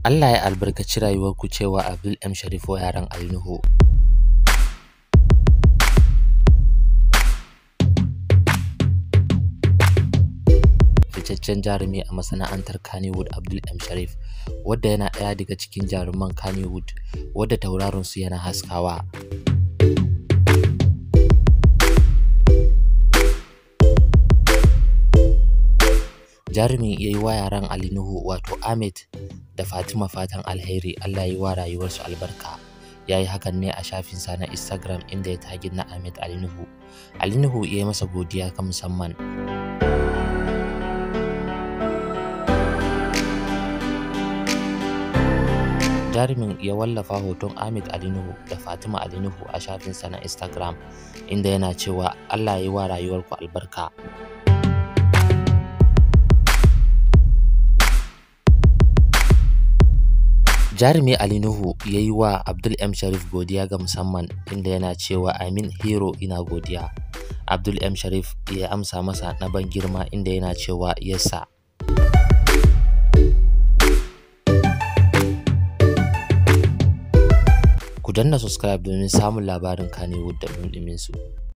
Allah ya albarkaci rayuwarku cewa Abdul M Sharif wa yaran Alinuhu. fitaccen jarumi a masana'antar Kannywood Abdul M Sharif wadda yana ɗaya daga cikin jaruman Kannywood wadda tauraron su yana haskawa. Jarumin ya yi wa yaran Ali Nuhu wato Ahmed da Fatima fatan alheri Allah yi wa rayuwarsu albarka. Ya yi hakan ne a shafinsa na Instagram inda ya tagi na Ahmed Alinuhu. Alinuhu ya yi masa godiya ka musamman. jarumin ya wallafa hoton Ahmed Alinuhu da Fatima Alinuhu a shafinsa na Instagram inda yana cewa Allah ya yi wa rayuwarku albarka. Jarumi Ali Nuhu ya yi wa Abdul M. Sharif godiya ga musamman inda yana cewa Amin Hero ina godiya. Abdul M. Sharif ya amsa masa na ban girma inda yana cewa yasa. Ku danna subscribe domin samun labarin kanewood da su.